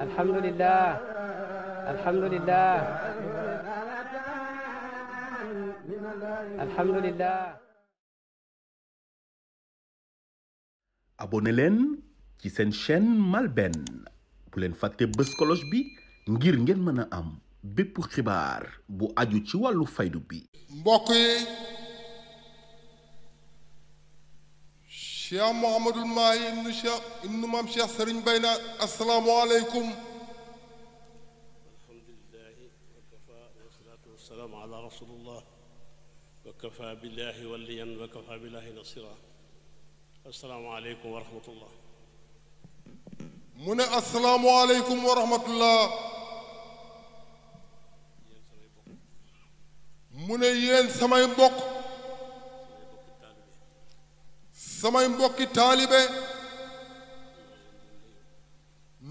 alhamdulilah alhamdulilah alhamdulilah. abonné leen ci seen chen MALBN bu leen fàtte bës kolos bi ngir ngeen mën a am bépp xibaar bu aju ci wàllu faydu bi. mbokk cheikh Mouhamadul Mahi ibnu cheikh ibnu maam cheikh Serigne Bay naan asalaamualeykum. alhamdulilahi wakafa wasalaatu wasalaamu ala rasulillah wakafa billahi waliyan wakafa billahi nasira asalaamualeykum wa rahmatullah. mu ne asalaamualeykum wa rahmatullah. mu ne yéen samay mbokk. samay mbokki taalibe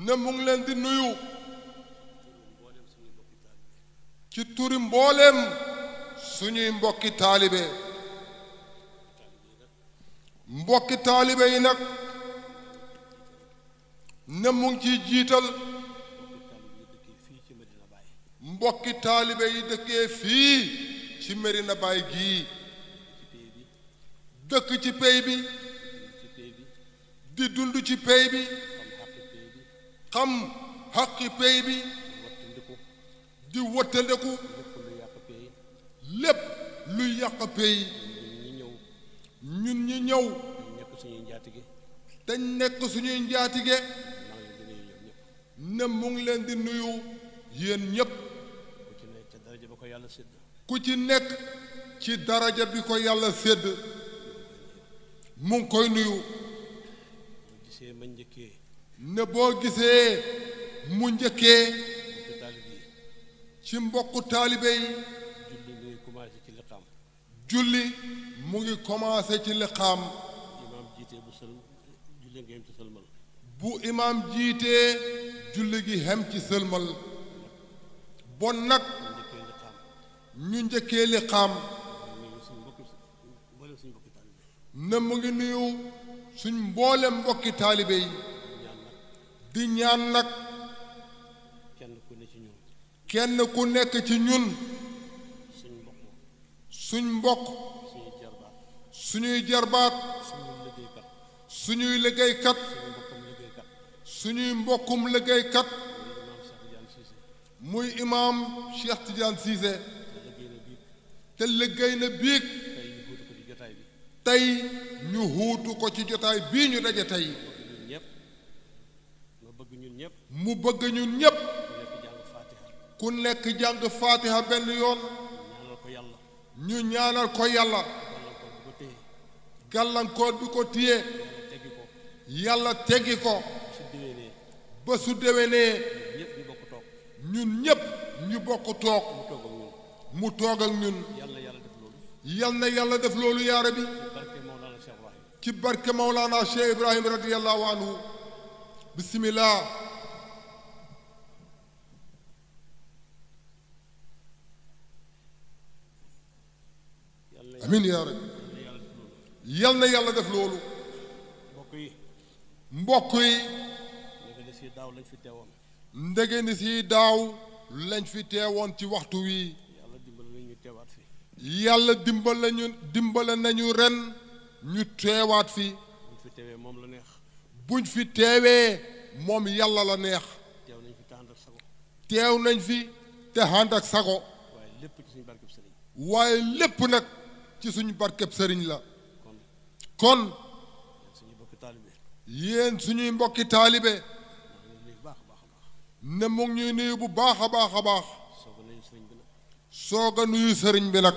ne leen di nuyu ci turi mbooleem suñuy mbokki taalibe mbokki taalibe yi nag ne mu ngi ciy jiital mbokki taalibe yi dëkkee fii ci Medina Baye gii dëkk ci pey bi di dund ci pey bi xam xaqi pey bi di wëttandeku lépp luy yàq pey ñun ñi ñëw dañ nekk suñuy njaatige ne mu ngi leen di nuyu yéen ñépp ku ci nekk ci daraja bi ko yàlla sédd mu ngi koy nuyu gisee ma njëkkee. ne boo gisee mu njëkkee. ci mbokku taalibe julli mu ngi commencé ci liqaam. julli ngi commencé ci bu sël bu imaam jiitee julli gi hem ci sëlmal. bon nag. ñu njëkkee liqaam. ne mu ngi nuyu. suñ mboole mbokki taalibe yi di ñaan nag kenn ku ne ku nekk ci ñun suñ mbokk suñuy jarbaat suñuy jarbaat liggéeykat suñuy mbokkum liggéeykat muy imaam Cheikh Tidiane Cissé te liggéey na biig tey ñu huutu ko ci jotaay bii ñu daje tey mu bëgg ñun ñépp ku nekk jàng faatiha benn yoon ñu ñaanal ko yàlla gàllankoor bi ko téye yàlla teggi ko ba su déwénee ñun ñépp ñu bokk toog mu toog ak ñun yal yàlla def loolu yaara bi ci barke Mawlana Cheikh Ibrahim radiyallahu anhu bismillah amin yaa rabbi yal na yàlla def loolu mbokk yi mbokk yi ndege ni si daaw lañ fi teewoon ci waxtu wi yàlla dimbal nañu teewaat fi nañu ren ñu teewaat fi buñ fi teewee moom la neex buñ fi teewee moom yàlla la neex teew nañ fi te ànd ak sago teew nañ fi te sago waaye lépp waaye lépp nag ci suñu barkeb sëriñ la kon yéen suñuy mbokki taalibe ne mu ngi ñuy nuyu bu baax a baax a baax sooga nuyu sëriñ bi nag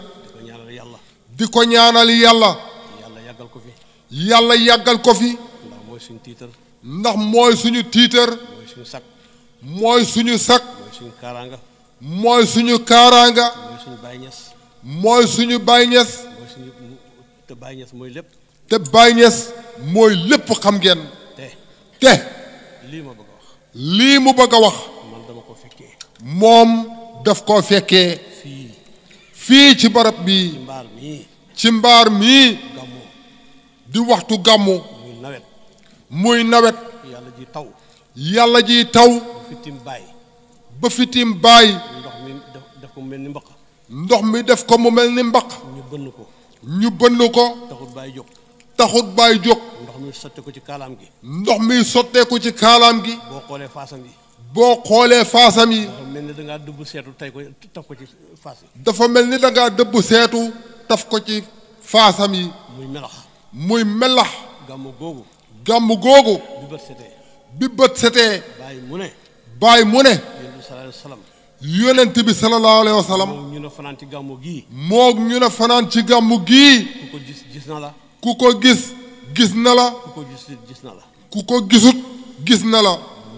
di ko ñaanal yàlla yàlla yàggal ko fi. ndax mooy suñu tiitar. ndax mooy suñu tiitar. mooy suñu mooy suñu sakk. mooy suñu kaaraanga. mooy suñu kaaraanga. mooy suñu Baay Ñas. mooy suñu Baay te Baay mooy lépp. te Baay Ñas lépp xam ngeen. te lii ma mu bëgg a wax. man ko fekkee. moom daf koo fekkee. fii. ci barab bii. ci mbaar mii. di waxtu gàmmu muy nawet muy nawet yàlla ji taw yàlla ji taw ba fitim baay ba fitim baay ndox mi def ko mu mel ni mbaq ndox mi def ko mu mel ni mbaq ñu bënn ko ñu bënn ko taxut baay jóg taxut baay jóg ndox mi sotteeku ci kaalaam gi ndox mi sotteeku ci kaalaam gi boo xoolee faasam yi boo xoolee faasam yi dafa mel ni danga dëbb seetu tey ko taf ko ci faas yi mel ni dangaa dëbb seetu taf ko ci faasam yi muy muy melax. gàmm googu. gàmm googu. bi bët setee. bi bët setee. bàyyi mu ne. bàyyi mu ne. yonent bi sallallahu alayhi wa moom ñu ne fanaan ci gàmmu gii. moom ñu ne fanaan ci gàmmu gii. ku gis na la. ku ko gis gis na la. gis na la. ku ko gisut gis na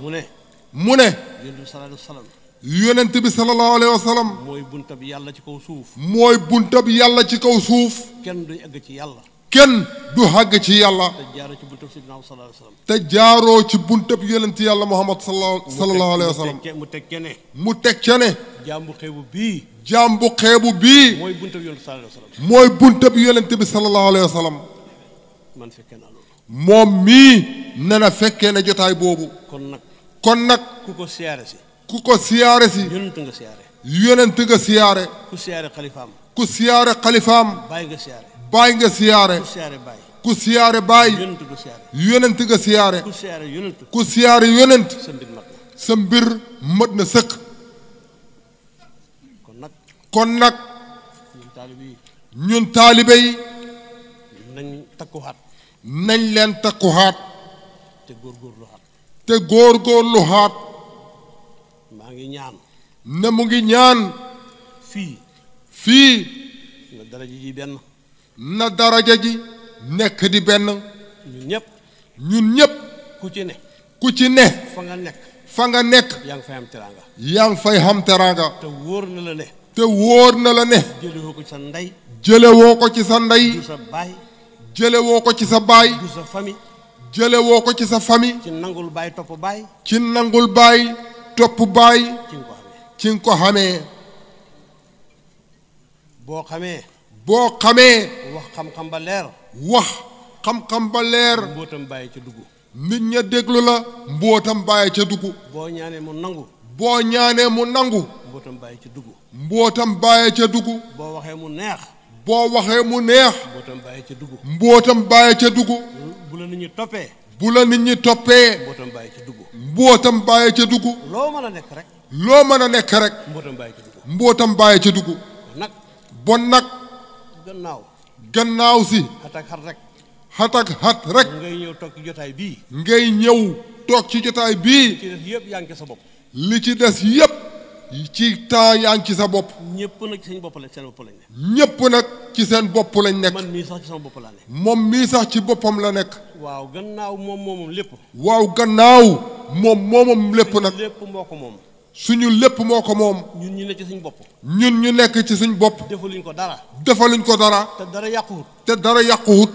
mu ne. mu ne. yonent bi sallallahu alayhi wa sallam. yonent bi sallallahu alayhi mooy buntab yàlla ci kaw suuf. mooy buntab yàlla ci kaw suuf. kenn du egg ci yàlla. kenn du xàgg ci yàlla. te jaaroo ci buntab Seydina Muhammad sallallahu alayhi wa sallam. te jaaroo ci buntab yonent yàlla Muhammad sallallahu alayhi wa sallam. mu teg ca mu teg ca ne. jaam bu xeebu bii. jaam bu xeebu bii. mooy buntab yonent sallallahu mooy buntab yonent bi sallallahu alayhi wa sallam. fekkee naa loolu. moom mii nee na fekkee ne jotaay boobu. kon nag. kon nag. ku ko siyaare si. ku ko siyaare si. yonent nga siyaare. yonent nga siyaare. ku siyaare xalifaam. baay nga siyaare. ku siyaare baay. yonent nga siyaare. ku siyaare yonent. sa mbir mët na sëkk. kon nag. ñun taalibe yi. nañ takkuwaat. nañ leen takkuwaat. te góorgóorluwaat. te góorgóorluwaat. maa ngi ñaan. mu ngi ñaan. fii. fii. na daraja ji nekk di benn ñun ñëpp ñun ñëpp ku ci ne ku ci ne fa nga nekk fa nga nekk yaa ngi fay am teraanga yaa te wóor na la ne te wóor na la ne jëlewoo ko ci sa ndey jëlewoo ko ci sa ndey du sa ko ci sa baay du sa famille jëlewoo ko ci sa famille ci nangul baay topp baay ci nangul ko boo xamee boo xamee. wax xam-xam ba leer. wax xam-xam ba leer. mbootam bàyyi ca dugg. nit ña déglu la. mbootam bàyyi ca dugg. boo ñaanee mu nangu. boo ñaanee mu nangu. mbootam bàyyi ca mbootam bàyyi ca dugg. boo waxee mu neex. boo waxee mu neex. mbootam bàyyi ca dugg. mbootam bàyyi ca dugg. bu la nit toppee. bu nit ñi toppee. mbootam bàyyi ca dugg. ca dugg. loo mën a nekk rek. loo mën a nekk rek. mbootam bàyyi ca dugg. mbootam bàyyi ca dugg. nag. gannaaw. gannaaw si. xat xat rek. xat xat rek. ngay ñëw toog ci jotaay bii. ngay ñëw toog ci jotaay bii. li ci des yëpp yaa ngi ci sa bopp. li ci des yëpp. ci temps yaa ci sa bopp. ñëpp nag ci seen bopp lañ seen bopp lañ nekk. nag ci seen bopp lañ nekk. man mii sax ci sama moom mii sax ci boppam la nekk. waaw gannaaw moom moomam lépp. waaw gannaaw moom moomam lépp nag. lépp ko moom. suñu lépp moo ko moom. ñun ñu nekk ci suñ bopp. ñun ñu nekk ci suñ bopp. defaluñ ko dara. defaluñ ko dara. te dara yàquwut. te dara yàquwut.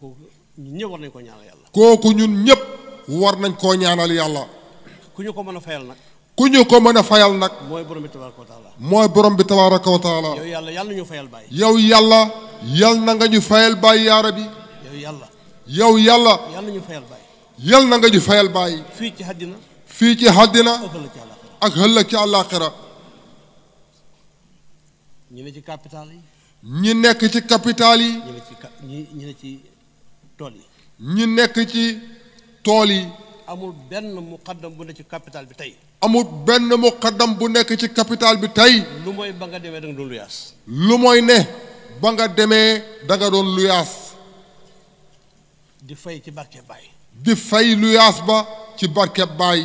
kooku ñun ñëpp war nañ koo ñaanal yàlla. kooku ñun ñëpp war nañ koo ñaanal yàlla. ku ñu ko mën a fayal nag. ku ñu ko mën a fayal nag. mooy borom bi tabaaraka wa taala. mooy borom bi tabaaraka wa taala. yow yàlla yal na ñu fayal bàyyi. yow yàlla yal na nga ñu fayal bàyyi yaara bi. yow yàlla. yow yàlla. yal na yal na nga ñu fayal bàyyi. fii ci àddina. fii ci àddina ak ëllëg ci àllaaxira ñi ne ci capital yi ñi nekk ci capital yi ñi ne ci tool yi nekk ci tool yi amul benn muqaddam bu nekk ci capital bi tey amul benn muqaddam bu nekk ci capital bi tey lu mooy ba nga demee da nga doon luyaas lu mooy ne ba nga demee danga nga doon luyaas di fay ci barke baay di fay luyaas ba ci barke baay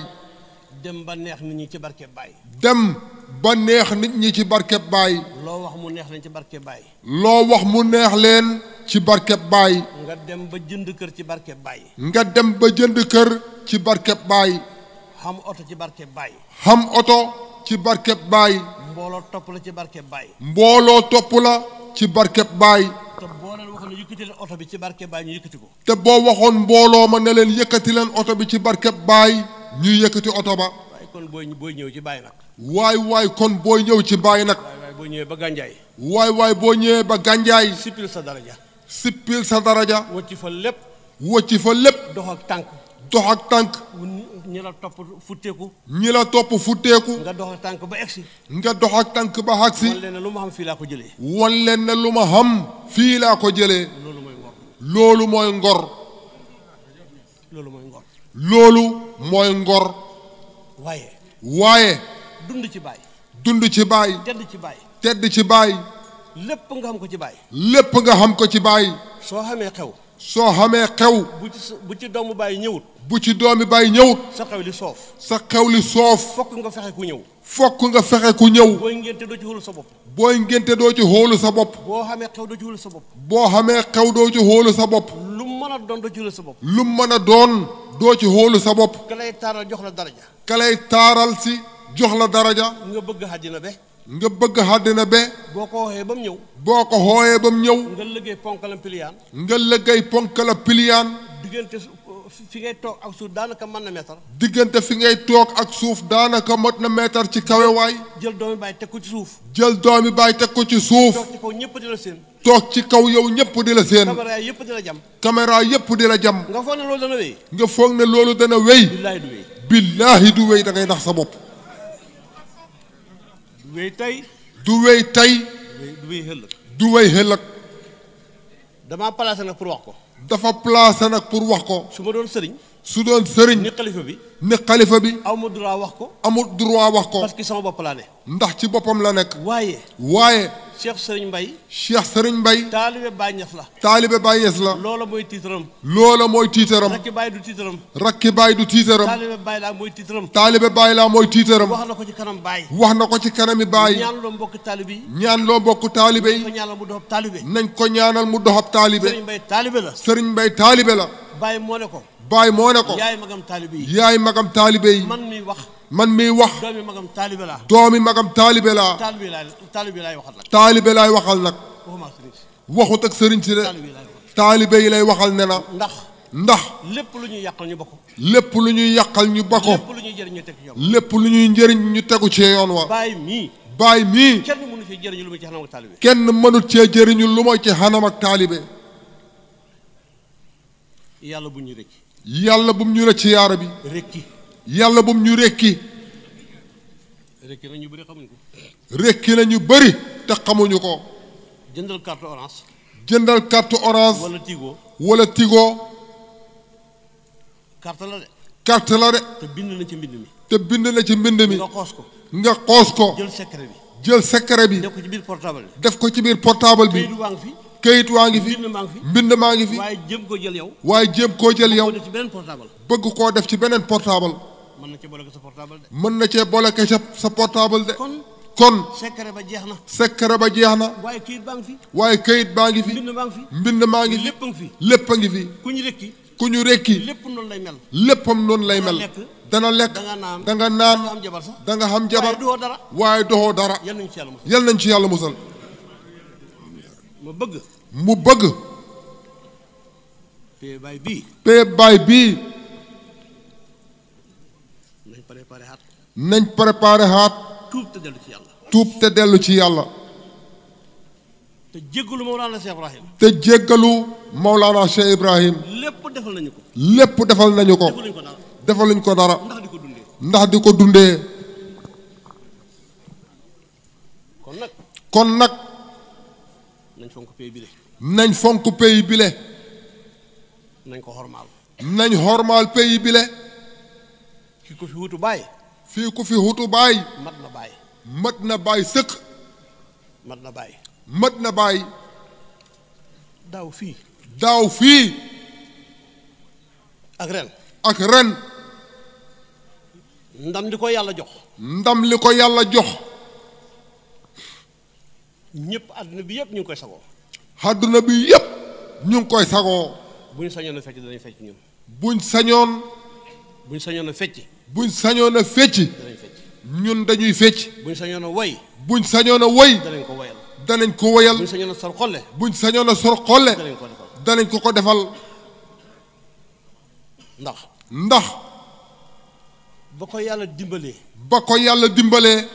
dem ba neex nit ñi ci barkeb baay. dem ba neex ñi ci barkeb baay. loo wax mu neex leen ci barkeb baay. loo wax mu neex leen ci barkeb baay. nga dem ba jënd kër ci barkeb baay. nga dem ba jënd kër ci barkeb baay. xam oto ci barkeb baay. xam oto ci barkeb baay. mbooloo topp la ci barkeb baay. mbooloo topp la ci barkeb baay. te boo leen waxoon ne yëkkati leen oto bi ci barkeb baay ñu yëkkati ko. te boo waxoon mbooloo ma ne leen yëkkati leen oto bi ci barkeb baay. ñuy yëkkati oto ba. waaye kon booy booy ñëw ci bàyyi nag. waay waay kon booy ñëw ci bàyyi nag. waay waay boo ñëwee ba gànjaay. waay waay boo ñëwee ba gànjaay. sippil sa daraja. sippil sa daraja. wëcc fa lépp. wëcc fa lépp. dox ak tànk. dox ak tànk. ñi la topp futteeku. ñi la topp futteeku. nga dox ak tànk ba egsi. nga dox ak tànk ba agsi. lu ma xam fii laa ko jëlee. wan leen ne lu ma xam. fii laa ko jëlee. loolu mooy ngor. loolu loolu mooy ngor. loolu. mooy ngor. waaye. waaye. dund ci baay. dund ci baay. tedd ci baay. tedd ci baay. lépp nga xam ko ci baay. lépp nga xam ko ci baay. soo xamee xew. soo xamee xew. bu ci bu ci doomu baay ñëwut. bu ci doomi baay ñëwut. sa xew li soof. sa xew li soof. fokk nga fexe ku ñëw. fook nga fexe ku ñëw. booy ngénte doo ci xóolu sa bopp. booy ngénte doo ci xóolu sa bopp. boo xamee xew doo ci xóolu sa bopp. boo xamee xew doo ci xóolu sa bopp. lu mu mën a doon doo ci sa bopp. lu mën a doon. doo ci xóolu sa bopp. ka taaral jox la daraja. ka lay taaral si jox la daraja. nga bëgg àddina be. nga bëgg àddina be. boo ko xooyee ba mu ñëw. boo ko xooyee ba mu ñëw. nga liggéey ponkalam piliyaan. nga liggéey ponkala piliyaan. diggante fi ngay toog ak suuf daanaka mën na meetar. diggante fi ngay toog ak suuf daanaka mot na meetar ci kawewaay. jël doomi baay teg ko ci suuf. jël doomi baay teg ko ci suuf. toog ñëpp di seen. toog ci kaw yow ñëpp di la seen. caméra yëpp di la jam. caméra yëpp di la jam. nga foog ne loolu dana wéy. nga foog ne loolu dana wéy. billaahi du wéy. billaahi du da ngay nax sa bopp. du wéy tey. du wéy tey. du wéy du wéy xëlëg. damaa placé nag pour wax ko. dafa placé nag pour wax ko. su ma doon sëriñ. su doon sëriñ. ni xalifa bi. ni xalifa bi. amul droit wax ko. amul droit wax ko. parce sama bopp laa ne. ndax ci boppam la nekk. waaye. waaye. Cheikh Serigne Mbaye. Cheikh Serigne Mbaye. taalibe Baay Ñas la. taalibe Baay Ñas la. loola mooy tiitaram. loola mooy tiitaram. rakki Baay du tiitaram. rakki Baay du tiitaram. taalibe Baay laa mooy tiitaram. taalibe Baay laa mooy tiitaram. wax na ko ci kanam Baay. wax na ko ci kanami Baay. ñaan loo mbokk taalibe yi. ñaan loo mbokk taalibe yi. nañ ko ñaanal mu doxab taalibe. Serigne Mbaye taalibe la. Serigne Mbaye taalibe la. Baay moo ne ko. baay moo ne ko. yaay magam taalibe yi. yaay magam taalibe yi. man mi wax. man miy wax. doomi magam taalibe laa. doomi magam taalibe lay taalibe laay taalibe laay waxal nag. taalibe laay waxal nag. waxut ak sëriñ si de. taalibe yi lay waxal ne na. ndax. ndax. lépp lu ñuy yàqal ñu ba ko. lépp lu ñuy yàqal ñu ba ko. ñuy njëriñ ñu tegu ci yoon. lépp lu ñuy njëriñ ñu tegu ci yoon wa. baay mii. baay mii. kenn mënu cee jëriñu lu ma ci xanam ak taalibe. kenn mënut cee jëriñu lu ma ci xanam ak yàlla bu ñu rëcc. yàlla bu mu ñu rëcc yaara bi. rekki. yàlla bu mu ñu rekki. rekki na ñu bëri xamuñu ko. rekki na ñu bëri te xamuñu ko. jëndal carte orange. jëndal carte orange. wala tigo. wala tigo. carte la de. carte la de. te bind na ci mbind mi. te bind na ci mbind mi. nga xoos ko. nga xoos ko. jël secret bi. jël secret bi. def ko ci biir portable bi. def ko ci biir portable bi. Seydou waa këyit waa ngi fi mbind maa ngi fi waaye jéem koo jël yow. waaye jéem koo jël yow. bëgg koo def ci beneen portable. mën na cee boole sa portable de. mën na cee boole sa sa portable de. kon kon. secret ba jeex na. secret ba jeex na. waaye këyit baa ngi fi. waaye këyit baa ngi fi. mbind maa ngi fi. mbind maa ngi lépp ngi fi. lépp ngi fi. ku ñu rekki. ku ñu rekki. léppam noonu lay mel. léppam noonu lay mel. dana lekk da nga naan da nga xam jabar. waaye doxoo dara. yal nañ ci yàlla musal. mu bëgg. mu bëgg. pay bay bii. bay bii. nañ préparé xaat. nañ préparé xaat. tuub te dellu ci yàlla. te dellu ci yàlla. te jéggalu Mawlana Cheikh Ibrahim. te jéggalu Mawlana Cheikh Ibrahim. lépp defal nañu ko. defal nañu ko. defaluñ ko dara. ndax di ko dundee. kon nag. nañ fonk pays bile. nañ fonk pays bile. nañ ko xormaal. nañ xormaal pays bile. ki ko fi wutu baay. fii ku fi wutu baay. mat na baay. mat na sëq. mat na baay. mat na baay. daaw fii. daaw fii. ak ren. ak ren. ndam li ko yàlla jox. ndam li ko yàlla jox. ñëpp àdduna bi yëpp ñu ngi koy sagoo. àdduna bi yëpp ñu ngi koy sagoo. buñ sañoon a fecc danañ fecc ñun. buñ sañoon. buñ sañoon a fecc. buñ sañoon a fecc. danañ ñun dañuy fecc. buñ sañoon a woy. buñ sañoon a woy. danañ ko woyal. danañ ko woyal. buñ sañoon a buñ sañoon a sor xolle. danañ ko danañ ko ko defal. ndax. ndax. ba ko yàlla dimbalee. ba ko yàlla dimbalee.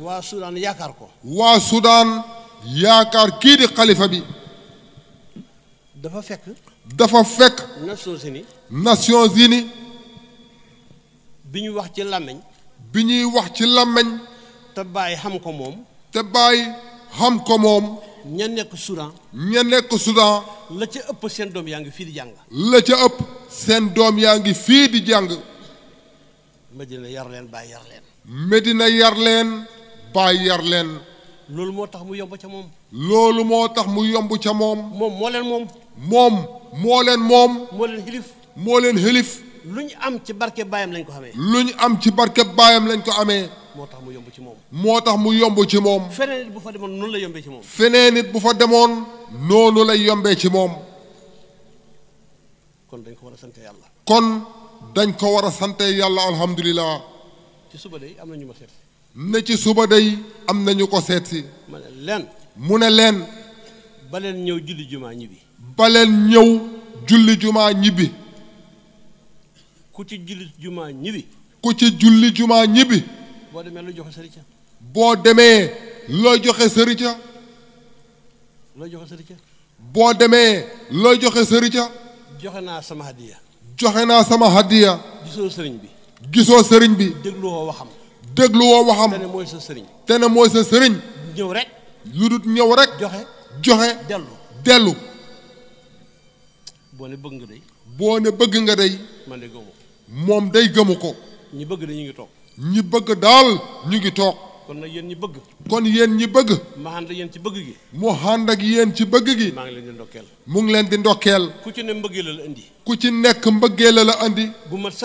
waa Soudan yaakaar ko. waa Soudan yaakaar kii di xalifa bi. dafa fekk. dafa fekk. Nations Unies. Nations Unies. bi ñuy wax ci làmmiñ. bi ñuy wax ci làmmiñ. te bàyyi xam ko moom. te bàyyi xam ko moom. ña nekk Soudan. ña nekk Soudan. la ca ëpp seen doom yaa ngi fii di jàng. la ca ëpp seen doom yaa ngi fii di jàng. Medina yar leen bàyyi Medina yar leen bàyyi yar leen. loolu moo tax mu yomb ca moom. loolu moo tax mu yomb ca moom. moom moo leen moom. moom moo leen moom. moo leen xilif. moo leen xilif. lu ñu am ci barke baayam lañ ko xamee. lu ñu am ci barke baayam lañ ko amee. moo tax mu yomb ci moom. moo tax mu yomb ci moom. feneen it bu fa demoon noonu la yombee ci moom. feneen it bu fa demoon. noonu lay yombee ci moom. kon dañ ko war a sant yàlla. kon dañ ko war a sant yàlla alhamdulilah. ci suba de am na ñu ma seet. ne ci suba day am nañu ko seetsi si. mu ne leen. mu ne leen. ba leen ñëw julli jumaa ñibbi. ba ñëw julli jumaa ñibbi. ku ci julli jumaa ñibbi. ku ci julli jumaa ñibbi. boo demee looy joxe sëriñ ca. boo demee loo joxe sëriñ ca. looy joxe boo demee looy joxe sëriñ joxe naa sama hadiya. joxe naa sama hadiya. gisoo sëriñ bi. gisoo sëriñ bi. dégluwoo déglu woo waxam te ne mooy sa sëriñ. te ne ñëw rek. lu dul ñëw rek. joxe joxe. dellu dellu. boo ne bëgg nga day. boo bëgg nga day. man de gëmu moom day gëmu ko. ñi bëgg dañu ngi toog. ñi bëgg daal ñu ngi toog. kon nag yéen ñi bëgg. kon yéen ñi bëgg. ma ànd ak yéen ci bëgg gi. mu xànd ak yéen ci bëgg gi. maa ngi leen di ndokkeel. mu ngi leen di ndokkeel. ku ci ne mbëggee la la indi. ku ci nekk mbëggee la la indi. gu mat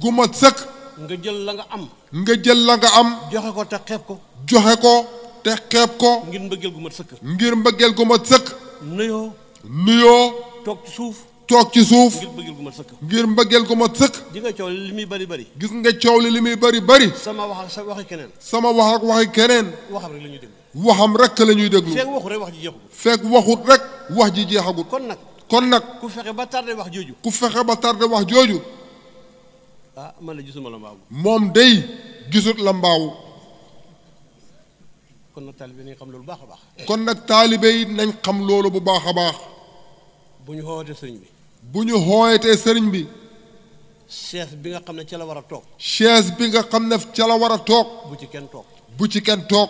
gu mat sëkk. nga jël la nga am. nga jël la nga am. joxe ko te xeeb ko. joxe ko te xeeb ko. ngir mbëggeel gu mat sëkk. ngir mbëggeel gu mat sëkk. nuyoo. nuyoo. toog ci suuf. toog ci suuf. ngir mbëggeel gu mat sëkk. ngir mbëggeel gu mat gis nga coow li li muy bari bari. gis nga coow li li muy bari bari. sama wax ak sa waxi keneen. sama wax ak waxi keneen. waxam rek la ñuy déglu. waxam rek la ñuy déglu. feeg waxut rek wax ji jeexagul. feeg waxut rek wax ji jeexagul. kon nag kon ku fexe ba tardé wax jooju. fexe ba tardé wax jooju. ah man la gisuma lambaaw. moom day gisut lambaaw. kon nag taalibe nañ xam loolu bu baax a baax. kon nag taalibe yi nañ xam loolu bu baax a baax. bu ñu xooyatee sëriñ bi. bu ñu xooyatee sëriñ bi. chaise bi nga xam ne ca la war a toog. chaise bi nga xam ne ca la war a toog. bu ci kenn toog. bu ci kenn toog.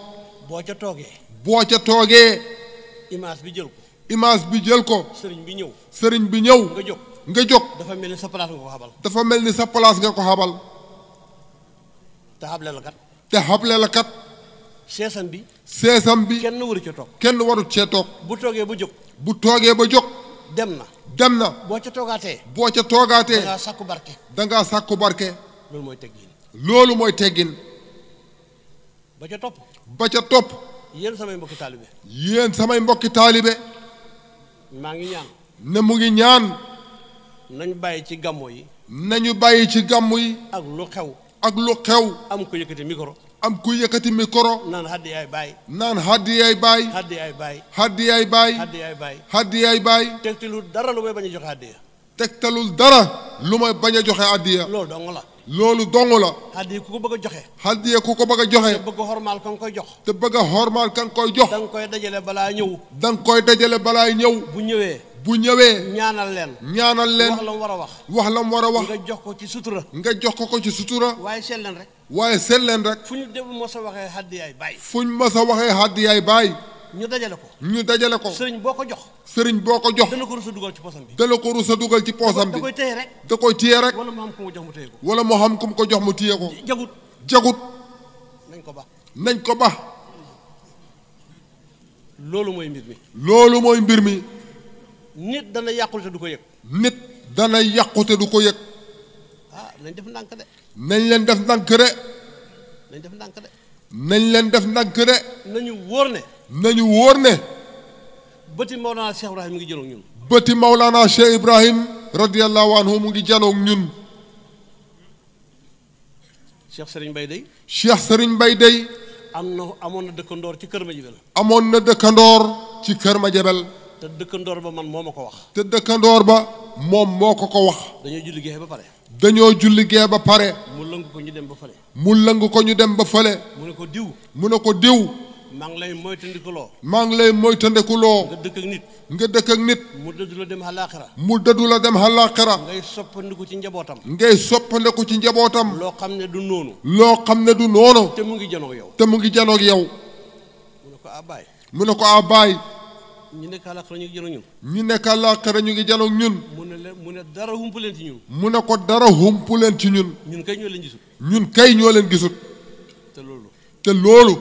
boo ca toogee. boo ca toogee. image bi jël ko. image bi jël ko. sëriñ bi ñëw. sëriñ bi ñëw. nga nga jóg. dafa mel ni sa place nga ko xabal. dafa mel ni sa place nga ko xabal. te xable la kat. te xable la kat. seesam bi. seesam bi kenn waru ca toog. kenn waru cee toog. bu toogee ba jóg. bu toogee ba jóg. dem na. dem na. boo ca toogaatee. boo ca toogaatee. da ngaa sàkku barke. da ngaa sàkku barke. loolu mooy teggin. loolu mooy teggin. ba ca topp. ba ca topp. yéen samay mbokki taalibe. yéen samay mbokki taalibe. maa ngi ñaan. ne mu ngi ñaan. nañu bàyyi ci gàmmu yi. nañu bàyyi ci gàmmu yi. ak lu xew. ak lu xew. am ku yëkkati micro. am ku yëkkati micro. naan haddi yaay baay. naan haddi yaay baay. haddi yaay baay. haddi yaay baay. tegtalul dara lu may bañ a joxe addiya. tegtalul dara lu may bañ a joxe addiya. loolu dong la. loolu dong la. haddi ku ko bëgg joxe. haddi ku ko bëgg a joxe. te bëgg a hormaal kan koy jox. te bëgg a hormaal kan koy jox. da nga koy dajale balaa ñëw. da koy dajale balaa ñëw. bu ñëwee. bu ñëwee. ñaanal leen. ñaanal leen wax la mu war a wax. wax la mu war a wax. nga jox ko ci sutura. nga jox ko ko ci sutura. waaye seet leen rek. waaye seet leen rek. fu ñu dem mos a waxee hàddiyaay baay. fu ñu mos a waxee hàddiyaay baay. ñu dajale ko. ñu dajale ko. sëriñ boo ko jox. sëriñ boo ko jox. dana ko rus dugal ci poosam bi. dana ko rus a dugal ci poosam bi. da koy téye rek. da koy téye rek. wala moo xam ku mu jox mu ko. wala moo xam ku ko jox mu téye ko. jagut jagut. nañ ko ba. nañ ko ba. loolu mooy mbir mi. loolu mooy mbir mi. nit dana yàqute du ko yëg. nit dana yàqute du ko yëg. ah nañ def ndànk de. nañ leen def ndànk de. nañ def ndànk de. leen def ndànk de. nañu wóor ne. nañu wóor ne. bëti Maulana Cheikh Ibrahim mu ngi janoog ñun. bëti Maulana Cheikh Ibrahim radiyallahu anhu mu ngi janoog ñun. Cheikh Serigne Mbaye dey. Cheikh Serigne Mbaye dey. am na amoon na dëkkandoor ci kër Madiabel. amoon na dëkkandoor ci kër te dëkkandoor ba man moo ma ko wax. te dëkkandoor ba moom moo ko ko wax. dañoo julli gee ba pare. dañoo julli gee ba pare. mu lëng ko ñu dem ba fële. mu lëng ko ñu dem ba fële. mu ne ko diw. mu ne ko diw. maa ngi lay moytandikuloo. maa ngi lay moytandikuloo. nga dëkk ak nga dëkk ak nit. mu dëddu la dem halaaxira. mu dëddu la dem halaaxira. ngay soppandiku ci njabootam. ngay soppandiku ci njabootam. loo xam ne du noonu. loo xam ne du noonu. te mu ngi janoog yow. te mu ngi janoog yow. mu ne ko abaay. Ah, mu ñu nekk àllaaxira ñu ngi janoog ñun ñu nekk àllaaxira ñu ngi janoog ñun mu ne leen mu ne dara humpu leen ci ñun mu ne ko dara humpu leen ci ñun ñun kay ñoo leen gisut ñun kay ñoo leen gisut te loolu te loolu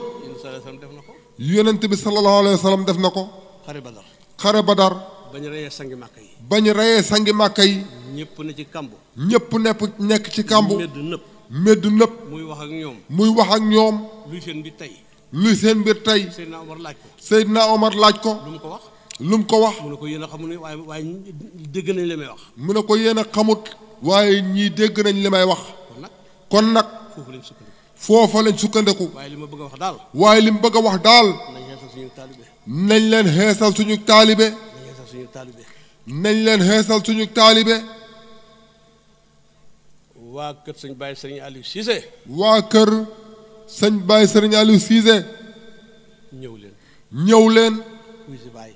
yonent bi sallallahu alayhi wa sallam def na ko xare badar xare dar bañ reyee sangi màkka yi bañ reyee sangi màkka yi ñëpp ne ci kamb ñëpp nepp nekk ci kamb medd nëpp medd nëpp muy wax ak ñoom muy wax ak ñoom luy seen tey luy seen mbir tey. Seydina Omar laaj ko. Seydina Omar laaj ko. lu mu ko wax. lu mu ko wax. mu ne ko yéen a xamul waaye waaye dégg nañ li may wax. mu ne ko yéen a xamut. waaye ñii dégg nañ li may wax. nag kon nag. foofu lañ sukkandiku. foofa lañ sukkandiku. waaye li ma bëgg a wax daal. waaye li mu bëgg a wax daal. nañ xeesal suñu taalibe. nañ leen xeesal suñu taalibe. nañ xeesal suñu nañ leen xeesal suñu taalibe. waa sëñ Baye Serigne Aliou waa kër. sëñ Baye sëriñaalu Aliou Cissé. ñëw leen. ñëw leen. wuy si Baye.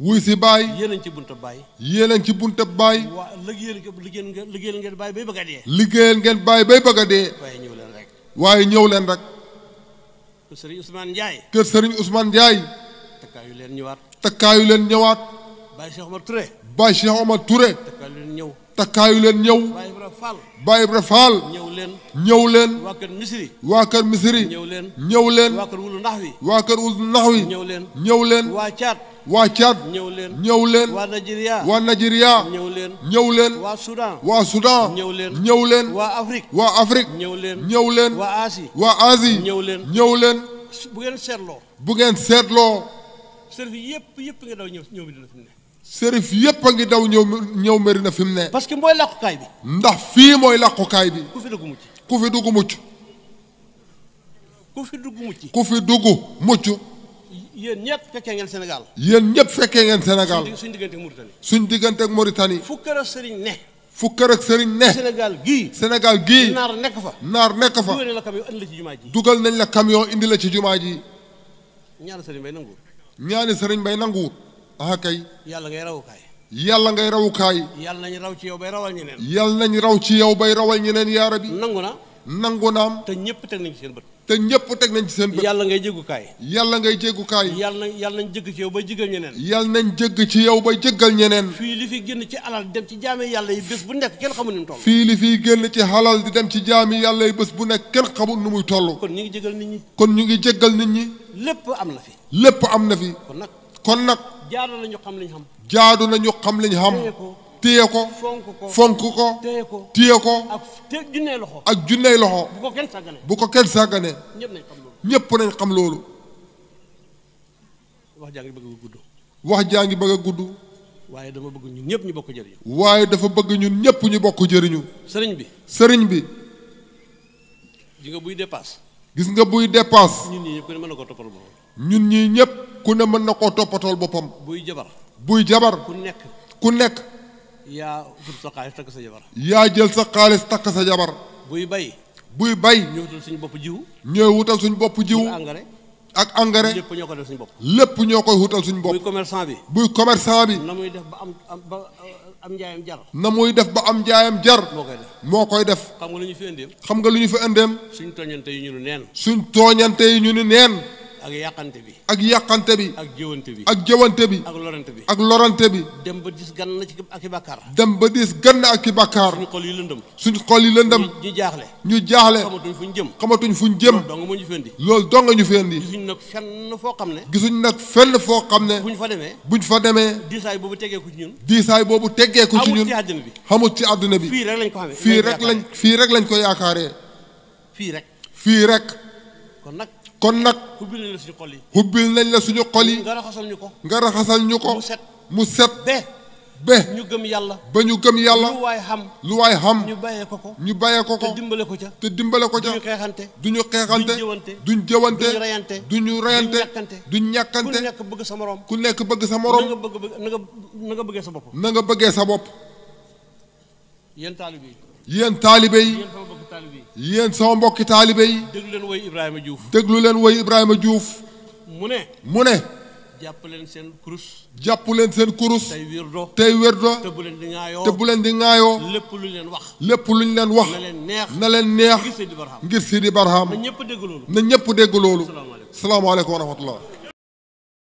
wuy si Baye. yéen ci bunta Baye. yéen ci bunta Baye. waa liggéeyal ngeen liggéeyal ngeen Baye bay bëgg a dee. liggéeyal ngeen Baye bay bëgg a dee. waaye ñëw leen rek. waaye ñëw leen rek. kër Serigne Ousmane Ndiaye. kër Serigne Ousmane Ndiaye. takkaayu leen ñëwaat. takkaayu leen ñëwaat. Baye Cheikh Omar Touré. Baye Cheikh Omar Touré. ñëw. takkaayu leen ñëw Baye Ibra Fall ñëw leen ñëw leen waa kër Misiri waa kër Misiri ñëw leen ñëw leen waa kër Wulu Ndax wi waa kër wul Ndax wi ñëw leen ñëw leen waa Caat waa Caat ñëw leen ñëw leen waa Nigeria waa Nigeria ñëw leen ñëw leen waa Soudan waa Soudan ñëw leen ñëw leen waa Afrique waa Afrique ñëw leen ñëw leen waa Asie waa Asie ñëw leen ñëw leen bu ngeen seetloo bu ngeen seetloo servi yëpp yëpp nga daw ñëw ñëw Medina fi sërif yépp a ngi daw ñëw ñëw Medina fi mu ne. parce que mooy làqukaay bi. ndax fii mooy làqukaay bi. ku fi dugg mucc ku fi dugg mucc. ku fi dugg mucc. ku fi dugg mucc. yéen ñëpp fekkee ngeen Sénégal. yéen ñëpp fekkee ngeen senegal suñ diggante ak Mauritanie. suñ diggante ak Mauritanie. fu kër ak sëriñ ne. fu kër ak sëriñ ne. senegal gii. senegal gii. naar nekk fa. naar nekk fa. dugal nañ la camion indi la ci jumaa ji. dugal nañ la camion indi la ci jumaa ji. ñaani sëriñ bay nanguwut. ñaani sëriñ bay nanguwut. ah kay. yàlla ngay rawukaay. yàlla ngay rawukaay. yàlla nañ raw ci yow bay rawal ñeneen. yàlla nañ raw ci yow bay rawal ñeneen yaa rabbi. nangu na. nangu naam. te ñëpp teg nañ ci seen bët. te ñëpp teg nañ ci seen bët. yàlla ngay jéggukaay. yàlla ngay jéggukaay. yàlla nañ yàlla nañ jégg ci yow bay jéggal ñeneen. yàlla nañ jégg ci yow bay jéggal ñeneen. fii li fi génn ci alal di dem ci jaami yàlla yi bés bu nekk kenn xamul nu mu toll. fii li fi génn ci alal di dem ci jaami yàlla yi bés bu nekk kenn xamul nu muy toll. kon ñu ngi jéggal nit ñi. kon ñu ngi jéggal nit ñi. lépp am na fi. lépp am na fi. kon nag kon nag. jaadu nañu xam liñ xam. jaadu nañu xam liñ xam. téye ko fonk ko téye ko téye ko ak junney loxo ak junney loxo bu ko kenn sàggane bu ko kenn sàggane ñépp nañ xam loolu wax jaa bëgg a gudd wax jaa bëgg gudd waaye dama bëgg ñun ñëpp ñu bokk jëriñu waaye dafa bëgg ñun ñépp ñu bokk jëriñu sëriñ bi sëriñ bi gis nga buy dépasse gis nga buy dépasse ñun ñii ñëpp ku ne mën na toppal boppam ñun ñii ñëpp ku ne mën na koo toppatool boppam. buy jabar. buy jabar. ku nekk. ku nekk. yaa jël sa xaalis takk sa jabar. yaa jël sa xaalis takk sa jabar. buy bay. buy bay. ñoo wutal suñu bopp jiw ñoo wutal suñu bopp jiwu. ak engrais lépp ñoo koy def suñu bopp. lépp ñoo koy wutal suñu bopp. buy commerçant bi. buy commerçant bi. na muy def ba am ba am njaayam jar. na muy def ba am njaayam jar. moo koy def moo koy def. xam nga lu ñu fi ëndeem. nga lu ñu fi ëndeem. suñ tooñante yi ñu ni neen. suñ tooñante yi ñu ni neen. ak yàqante bi ak yàqante bi ak jëwante bi ak jëwante bi ak lorante bi ak lorante bi dem ba dis gan na ci ak i bàkkaar dem ba dis gan na ak i bàkkaar suñu xol yi lëndëm suñu xol yi lëndëm ñu jaaxle ñu jaaxle xamatuñ fuñ jëm xamatuñ fuñ jëm dong moo ñu fendi loolu dong ñu fendi gisuñ nag fenn foo xam ne gisuñ nag fenn foo xam ne buñ fa demee buñ fa demee diisaay boobu teggeeku ci ñun diisaay boobu teggeeku ci ñun xamul ci àdduna bi fii rek lañ ko xamee fii rek lañ fii rek lañ ko yaakaaree fii rek fii rek kon kon nag hubbil nañ la ñu xol yi hubbil nañ la suñu xol yi nga raxasal ñu ko nga raxasal ñu ko mu set mu set ba ñu gëm yàlla ba ñu gëm yàlla lu waay xam lu waaye xam ñu bàyyee ko ko ñu bàyyee ko ko te dimbale ko ca te dimbale ko ca du ñu xeexante duñu xeexante duñ jëwante duñu rayante duñu du duñ ñàkkante ku nekk bëgg sa morom ku nekk bëgg sa morom na nga bëgg na nga na nga bëggee sa bopp na nga bëggee sa bopp yéen yéen taalibe yi yéen sama mbokki taalibe yi déglu leen woy Ibrahima Diouf déglu leen woy Ibrahima Diouf mu ne mu ne jàpp leen seen kurus jàpp leen seen kurus tey wirdo tey wirdo te bu leen di ŋaayoo te bu leen di ŋaayoo lépp lu ñu leen wax lépp lu ñu leen wax na leen neex na leen neex ngir Sidi Barham na ñëpp dégg loolu na ñëpp dégg loolu salaamaaleykum wa rahmatullah